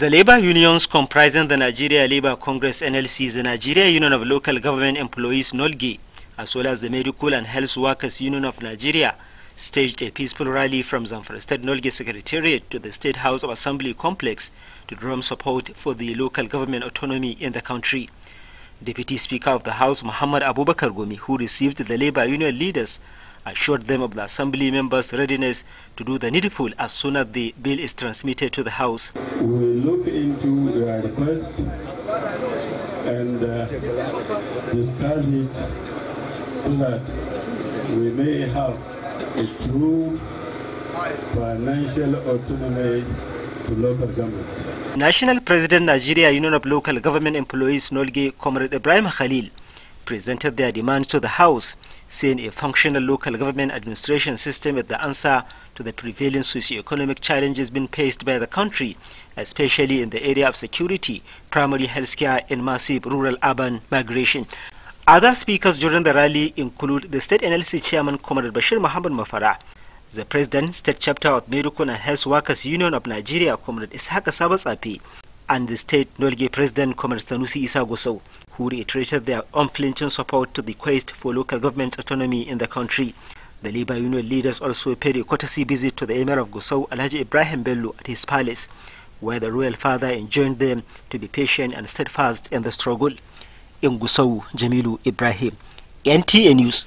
The labor unions comprising the Nigeria Labor Congress NLC, the Nigeria Union of Local Government Employees NOLGI, as well as the Medical and Health Workers Union of Nigeria, staged a peaceful rally from Zamfara State NOLGI Secretariat to the State House of Assembly complex to drum support for the local government autonomy in the country. Deputy Speaker of the House, Muhammad Abubakar Gumi. who received the labor union leaders, assured them of the Assembly members' readiness to do the needful as soon as the bill is transmitted to the House. We will look into their request and uh, discuss it so that we may have a true financial autonomy to local governments. National President Nigeria Union of Local Government Employees Nolge Comrade Ibrahim Khalil presented their demands to the House saying a functional local government administration system is the answer to the prevailing socio-economic challenges being faced by the country, especially in the area of security, primary health care, and massive rural urban migration. Other speakers during the rally include the state NLC chairman Comrade Bashir Muhammad Mafara, the president, state chapter of Medical and Health Workers Union of Nigeria, Comrade ishaka Sabas and the state Nolge president, Comrade Sanusi Isa Gusau. who reiterated their unflinching support to the quest for local government autonomy in the country. The Labour Union leaders also paid a courtesy visit to the Emir of Gusau, Alhaji Ibrahim Bello, at his palace, where the royal father enjoined them to be patient and steadfast in the struggle. In Gusau, Jamilu Ibrahim, NTA News.